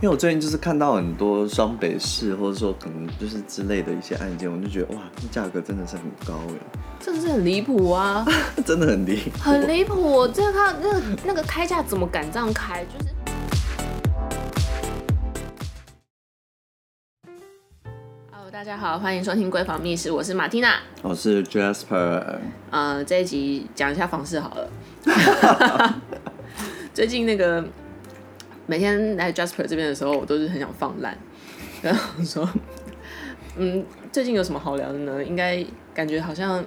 因為我最近就是看到很多雙北市，或者說可能就是之類的一些案件，我就覺得哇，這價格真的是很高哎、啊 哦，真的是很離譜啊，真的很離，很離譜！我真的看那那個開價怎麼敢這樣開，就是。Hello，大家好，歡迎收聽《閨房密事》，我是馬蒂娜，我是 Jasper。Uh, 這一集講一下房事好了。 最近那個。每天來 Jasper 這邊的時候，我都是很想放爛，然後說：“嗯，最近有什麼好聊的呢？應該感覺好像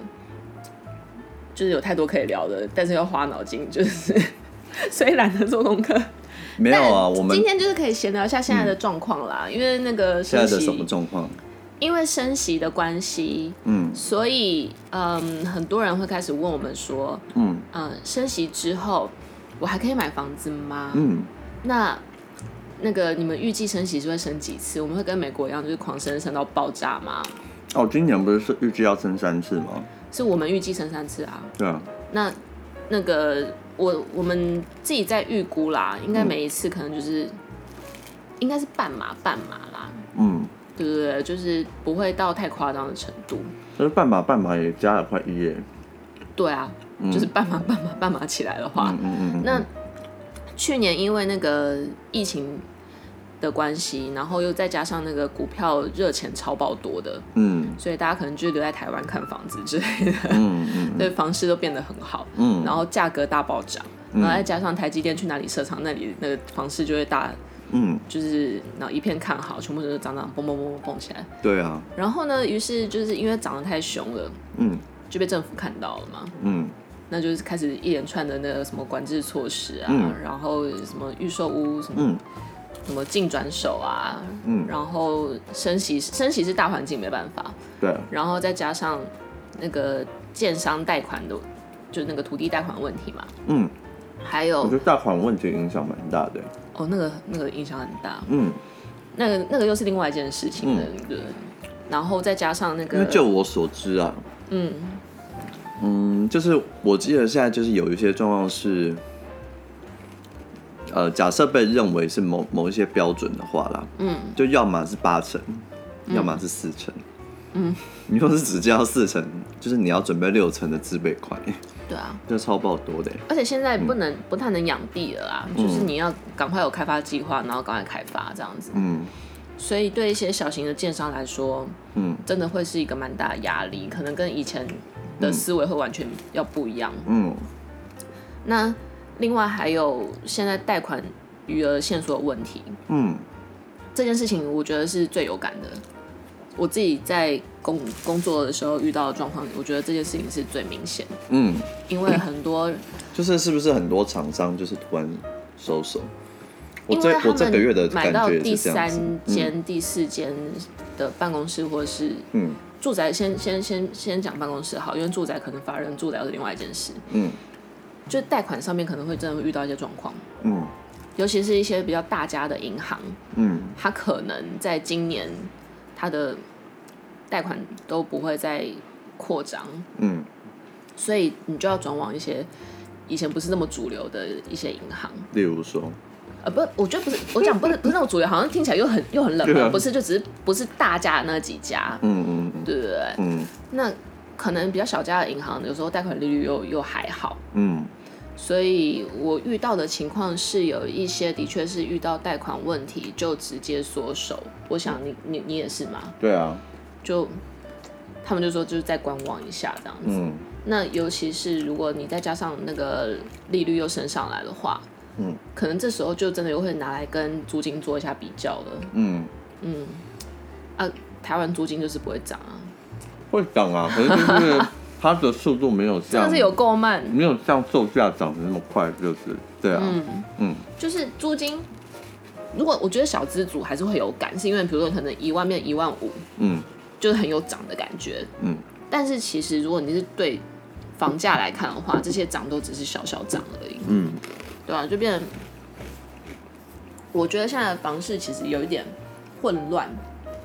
就是有太多可以聊的，但是要花腦筋，就是所以懶得做功課。”沒有啊，我們今天就是可以閒聊一下現在的狀況啦，嗯、因為那個現在的什麼狀況？因為升息的關係，嗯，所以嗯，很多人會開始問我們說：“嗯嗯，升、嗯、息之後我還可以買房子嗎？”嗯。那那個你們預計升息是會升幾次？我們會跟美國一樣，就是狂升升到爆炸嗎？哦，今年不是是預計要升三次嗎？是我們預計升三次啊。對啊。那那個我我們自己在預估啦，應該每一次可能就是、嗯、應該是半碼半碼啦。嗯，對對對，就是不會到太誇張的程度。但是半碼半碼也加了快一耶。對啊，嗯、就是半碼半碼半碼起來的話，嗯，嗯嗯嗯，那。去年因為那個疫情的關係，然後又再加上那個股票熱錢超爆多的，嗯，所以大家可能就留在台灣看房子之類的，嗯嗯嗯、 對房市都變得很好，嗯、然後價格大暴漲，嗯、然後再加上台積電去哪裡設廠，那裡那個房市就會大，嗯、就是然後一片看好，全部都是漲漲，嘣嘣嘣嘣蹦起來，對啊，然後呢，於是就是因為漲得太凶了，嗯，就被政府看到了嘛，嗯。那就是開始一連串的那個什麼管制措施啊，嗯、然後什麼預售屋什麼，嗯、什麼禁轉手啊，嗯，然後升息，升息是大環境沒辦法，對，然後再加上那個建商貸款的，就那個土地貸款問題嘛，嗯，還有我覺得貸款問題影響蠻大的，哦，那個那個影響很大，嗯，那個那個又是另外一件事情的、嗯、對，然後再加上那個，因為就我所知啊，嗯。嗯，就是我記得現在就是有一些狀況是，呃，假設被認為是某某一些標準的話啦，嗯，就要麼是八成，嗯、要麼是四成，嗯，你說 是只交四成，就是你要準備六成的自備款，對啊，就超爆多的，而且現在不能、嗯、不太能養地了啦，就是你要趕快有開發計劃，然後趕快開發這樣子，嗯，所以對一些小型的建商來說，嗯，真的會是一個蠻大的壓力，可能跟以前。的思維會完全要不一樣。嗯，那另外還有現在貸款餘額線索的問題。嗯，這件事情我覺得是最有感的。我自己在工工作的時候遇到的狀況，我覺得這件事情是最明顯的。嗯，因為很多就是是不是很多廠商就是突然收手？我這我這個月的感覺是買到第三間、嗯、第四間的辦公室，或者是嗯。住宅先先先先講辦公室好，因為住宅可能法人住宅是另外一件事。嗯，就貸款上面可能會真的遇到一些狀況。嗯，尤其是一些比較大家的銀行，嗯，它可能在今年它的貸款都不會再擴張。嗯，所以你就要轉往一些以前不是那麼主流的一些銀行。例如說。呃、啊，不，我覺得不是，我講不是不是那種主流，好像聽起來又很又很冷門，啊、不是就只是不是大家那幾家，嗯嗯對不對？嗯，那可能比較小家的銀行，有時候貸款利率又又還好，嗯，所以我遇到的情況是有一些的確是遇到貸款問題就直接縮手，嗯、我想你你你也是嗎？對啊，就他們就說就是再觀望一下這樣子，嗯、那尤其是如果你再加上那個利率又升上來的話。嗯，可能這時候就真的又會拿來跟租金做一下比較了。嗯嗯啊，台灣租金就是不會漲啊，會漲啊，可是就是它的速度沒有像上次 有夠慢，沒有像售價漲得那麼快，就是對啊，嗯嗯，嗯，就是租金，如果我覺得小資族還是會有感，是因為比如說可能一萬變一萬五，嗯，就是很有漲的感覺。嗯，但是其實如果你是對房價來看的話，這些漲都只是小小漲而已。嗯。對啊，就變我覺得現在房市其實有一點混亂，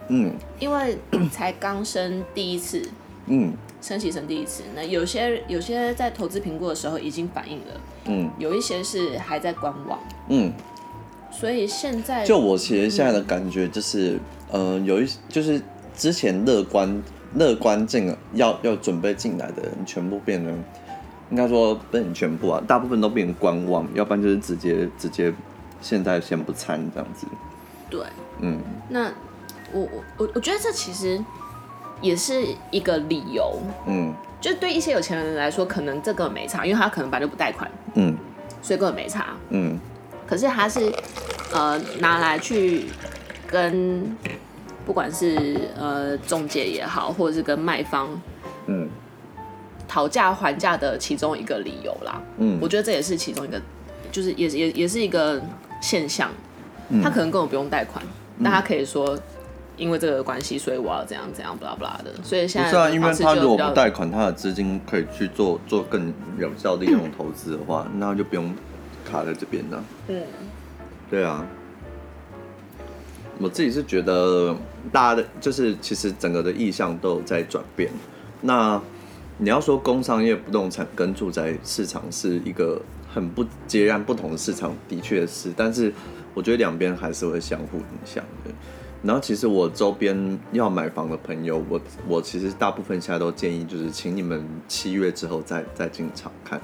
嗯，因為才剛升第一次，嗯，升息升第一次，那有些有些在投資評估的時候已經反映了，嗯，有一些是還在觀望，嗯，所以現在就我其實現在的感覺就是，嗯、呃，有一就是之前樂觀樂觀進要要準備進來的人，全部變成。應該說不能全部啊，大部分都變成觀望，要不然就是直接直接，現在先不參這樣子。對，嗯，那我我我我覺得這其實也是一個理由，嗯，就對一些有錢人來說，可能這個沒差，因為他可能本來就不貸款，嗯，所以根本沒差，嗯，可是他是呃拿來去跟不管是呃中介也好，或者是跟賣方，嗯。討價還價的其中一個理由啦，嗯，我覺得這也是其中一個，就是也也也是一個現象，嗯、他可能跟我不用貸款，嗯、但他可以說因為這個關係，所以我要怎樣怎樣不拉不拉的，所以現在是、啊，因為他如果不貸款，他的資金可以去做做更有效的一種用投資的話，嗯、那就不用卡在這邊了。嗯對，對啊，我自己是覺得大家的，就是其實整個的意向都有在轉變，那。你要說工商業不動產跟住宅市場是一個很不截然不同的市場，的確是，但是我覺得兩邊還是會相互影響的。然後，其實我周邊要買房的朋友，我我其實大部分現在都建議，就是請你們七月之後再再進場看。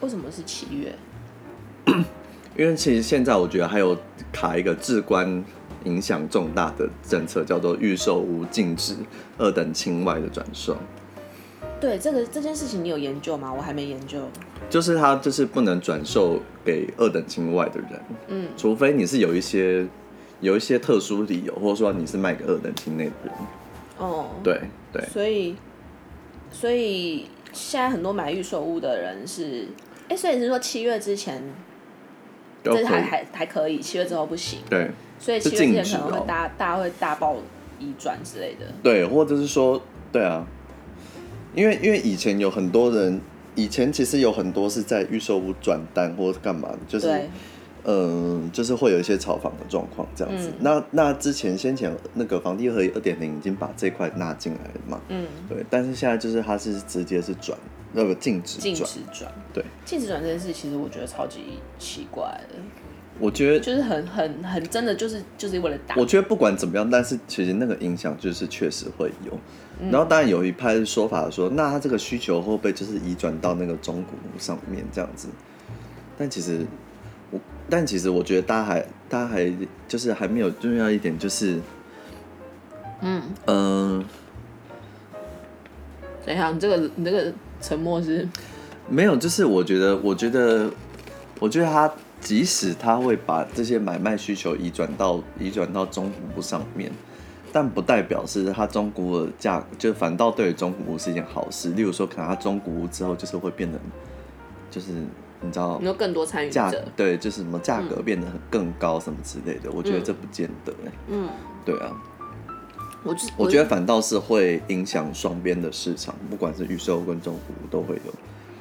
為什麼是七月 ？因為其實現在我覺得還有卡一個至關影響重大的政策，叫做預售屋禁止二等親外的轉售。對，這個這件事情，你有研究嗎？我還沒研究。就是他就是不能轉售給二等親外的人，嗯，除非你是有一些有一些特殊理由，或者說你是賣給二等親內的人。哦，對對。對，所以，所以現在很多買預售屋的人是，哎，所以你是說七月之前，哦、這是還以還還可以，七月之後不行。對，所以七月之前可能會大、哦、大家會大爆移轉之類的。對，或者是說，對啊。因為因為以前有很多人，以前其實有很多是在預售屋轉單或者是幹嘛的，就是，嗯對、呃，就是會有一些炒房的狀況這樣子。嗯、那那之前先前那個房地合一二點零已經把這塊納進來了嘛？嗯，對。但是現在就是它是直接是轉那個禁止轉、禁止轉，對，禁止轉這件事，其實我覺得超級奇怪的。我覺得就是很很很真的，就是就是為了打。我覺得不管怎麼樣，但是其實那個影響就是確實會有。然後當然有一派說法說，那他這個需求會被就是移轉到那個中古屋上面這樣子。但其實我，但其實我覺得大家還，大家還就是還沒有重要一點就是，嗯嗯，呃、等一下，你這個你這個沉默是？沒有，就是我覺得，我覺得，我覺得他。即使他會把這些買賣需求移轉到移轉到中古屋上面，但不代表是他中古屋的價格就反倒對中古屋是一件好事。例如說，可能他中古之後就是會變得，就是你知道你有更多參與者，對，就是什麼價格變得更高什麼之類的。嗯、我覺得這不見得、欸。嗯，對啊，我我覺得反倒是會影響雙邊的市場，嗯、不管是預售跟中古都會有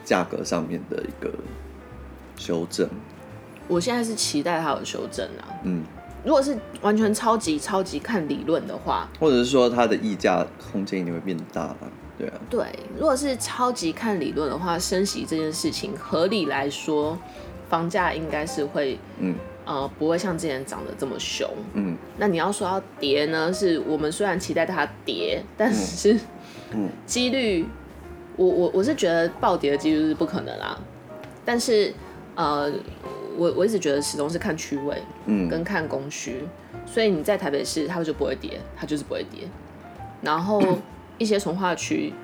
價格上面的一個修正。我現在是期待它有修正啊。嗯，如果是完全超級超級看理論的話，或者是說它的溢價空間一定會變大了。對啊。對，如果是超級看理論的話，升息這件事情合理來說，房價應該是會嗯呃不會像之前漲得這麼兇。嗯。那你要說要跌呢？是我們雖然期待它跌，但是嗯，幾、嗯、率，我我我是覺得暴跌的幾率是不可能啦。但是呃。我我一直覺得始終是看區位看，嗯，跟看供需，所以你在台北市它就不會跌，它就是不會跌。然後一些重劃區，嗯、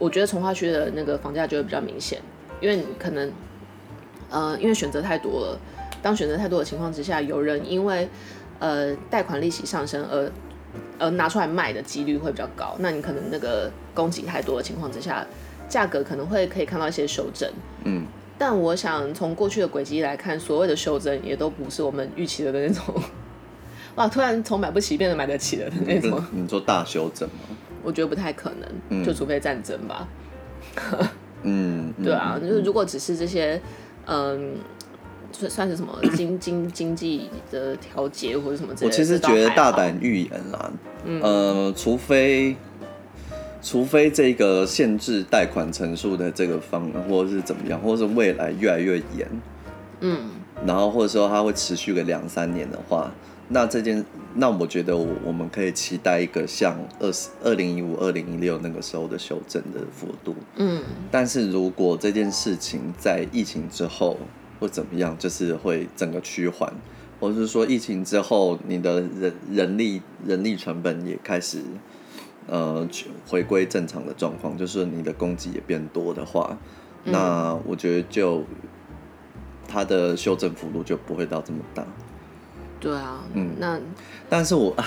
我覺得重劃區的那個房價就會比較明顯，因為你可能，呃，因為選擇太多了，當選擇太多的情況之下，有人因為呃貸款利息上升而而拿出來賣的幾率會比較高，那你可能那個供給太多的情況之下，價格可能會可以看到一些修正，嗯。但我想從過去的軌跡來看，所謂的修正也都不是我們預期的那種。哇，突然從買不起變成買得起的那種。你做大修正嗎？我覺得不太可能，嗯、就除非戰爭吧。 嗯，嗯 對啊，就是如果只是這些，嗯，算、嗯嗯嗯、算是什麼經經經濟的調節或者什麼這，我其實覺得大膽預言啦、啊。嗯、呃，除非。除非這個限制貸款成數的這個方案，或者是怎麼樣，或者是未來越來越嚴，嗯，然後或者說它會持續個兩三年的話，那這件，那我覺得我我們可以期待一個像二十二零一五、二零一六那個時候的修正的幅度，嗯，但是如果這件事情在疫情之後或怎麼樣，就是會整個趨緩，或者是說疫情之後你的人人力人力成本也開始。呃，回歸正常的狀況，就是你的供給也變多的話，嗯、那我覺得就它的修正幅度就不會到這麼大。對啊，嗯，那但是我啊，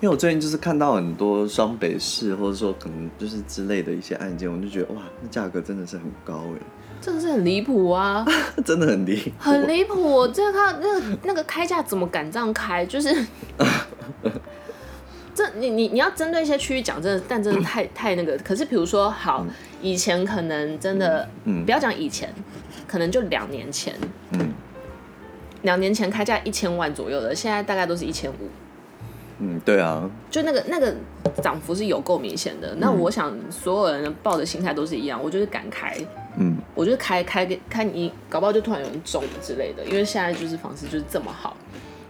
因為我最近就是看到很多雙北市或者說可能就是之類的一些案件，我就覺得哇，那價格真的是很高哎，真的是很離譜啊，啊，真的很離很離譜、哦，這他那個那個開價怎麼敢這樣開，就是。 這你你你要針對一些區域講真的，但真的太、嗯、太那個。可是比如說好，嗯、以前可能真的，嗯嗯、不要講以前，可能就兩年前，嗯，兩年前開價一千萬左右的，現在大概都是一千五。嗯，對啊，就那個那個漲幅是有夠明顯的。嗯、那我想所有人抱的心態都是一樣，我就是敢開，嗯，我就開開給看你，搞不好就突然有人中了之類的。因為現在就是房子就是這麼好，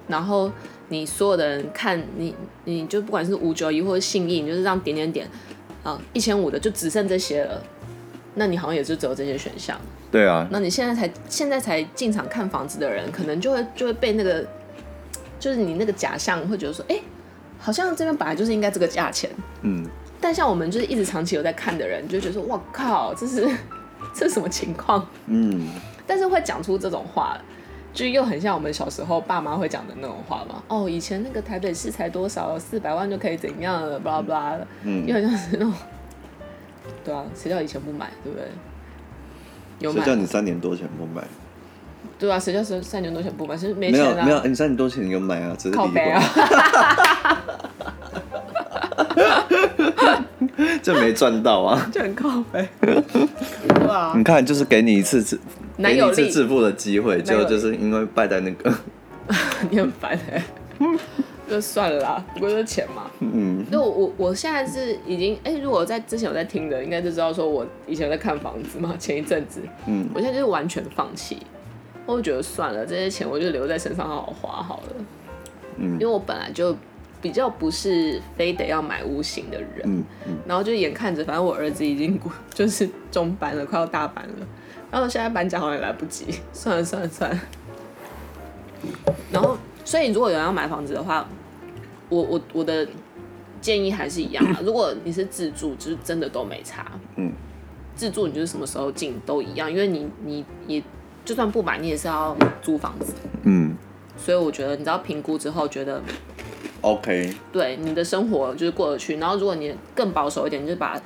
然後。你所有的人看你，你就不管是五九一或者信義，你就是這樣點點點，啊、嗯，一千五的就只剩這些了。那你好像也就只有這些選項。對啊。那你現在才現在才進場看房子的人，可能就會就會被那個，就是你那個假象會覺得說，哎、欸，好像這邊本來就是應該這個價錢。嗯。但像我們就是一直長期有在看的人，就覺得說，哇靠，這是這是什麼情況？嗯。但是會講出這種話。就又很像我們小時候爸媽會講的那種話嘛。哦，以前那個台北市才多少，四百萬就可以怎樣了，巴拉巴拉的。嗯，又好像是那種，嗯、對啊，誰叫以前不買，對不對？誰叫你三年多前不買？對啊，誰叫三三年多前不買？其實沒、啊、沒有沒有，你三年多前有買啊，只是靠北啊。這 沒賺到啊，就很靠北， 啊、你看，就是給你一次。一次致富的機會，就就是因為敗在那個。你很煩哎、欸， 就算了啦，不過是錢嘛。嗯，那我我現在是已經哎、欸，如果在之前有在聽的，應該就知道說我以前在看房子嘛。前一陣子，嗯，我現在就是完全放棄，我覺得算了，這些錢我就留在身上好好花好了。嗯，因為我本來就比較不是非得要買屋型的人，嗯，嗯，然後就眼看着，反正我兒子已經就是中班了，快要大班了。然後現在搬家好像也來不及，算了算了算了。算了算了然後，所以如果有人要買房子的話，我我我的建議還是一樣啊。如果你是自住，就是真的都沒差。嗯。自住你就是什麼時候進都一樣，因為你你你就算不買，你也是要租房子。嗯。所以我覺得，你知道評估之後覺得，OK，對你的生活就是過得去。然後如果你更保守一點，你就把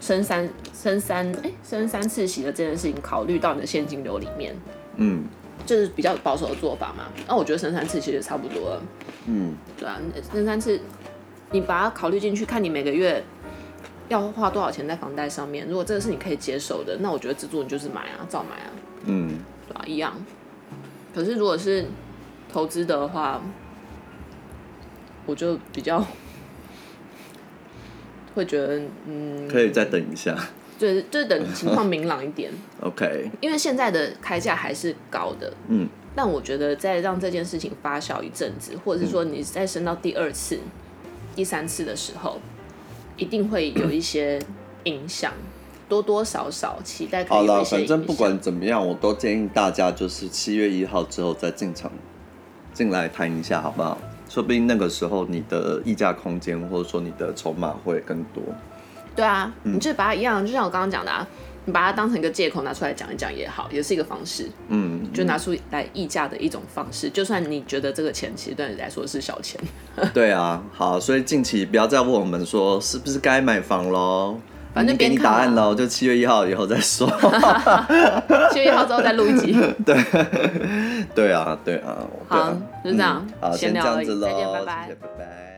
深山。升三哎，升三次息的這件事情，考慮到你的現金流裡面，嗯，這是比較保守的做法嘛。那我覺得升三次其實差不多了，嗯，對啊，升三次，你把它考慮進去，看你每個月要花多少錢在房貸上面。如果這個是你可以接受的，那我覺得自住你就是買啊，照買啊，嗯，對啊，一樣。可是如果是投資的話，我就比較會覺得，嗯，可以再等一下。就是就是等情況明朗一點 ，OK，因為現在的開價還是高的，嗯，但我覺得再讓這件事情發酵一陣子，或者是說你再升到第二次、嗯、第三次的時候，一定會有一些影響， 多多少少期待。好了，反正不管怎麼樣，我都建議大家就是七月一號之後再進場進來談一下，好不好？說不定那個時候你的議價空間或者說你的籌碼會更多。對啊，你就把它一樣，就像我剛剛講的啊，你把它當成一個借口拿出來講一講也好，也是一個方式。嗯，就拿出來議價的一種方式，就算你覺得這個錢其實對你來說是小錢。對啊，好，所以近期不要再問我們說是不是該買房嘍，反正給你答案嘍，就七月一號以後再說。七月一號之後再錄一集。對，對啊，對啊。好，就這樣。好，先這樣子嘍，再見，拜拜。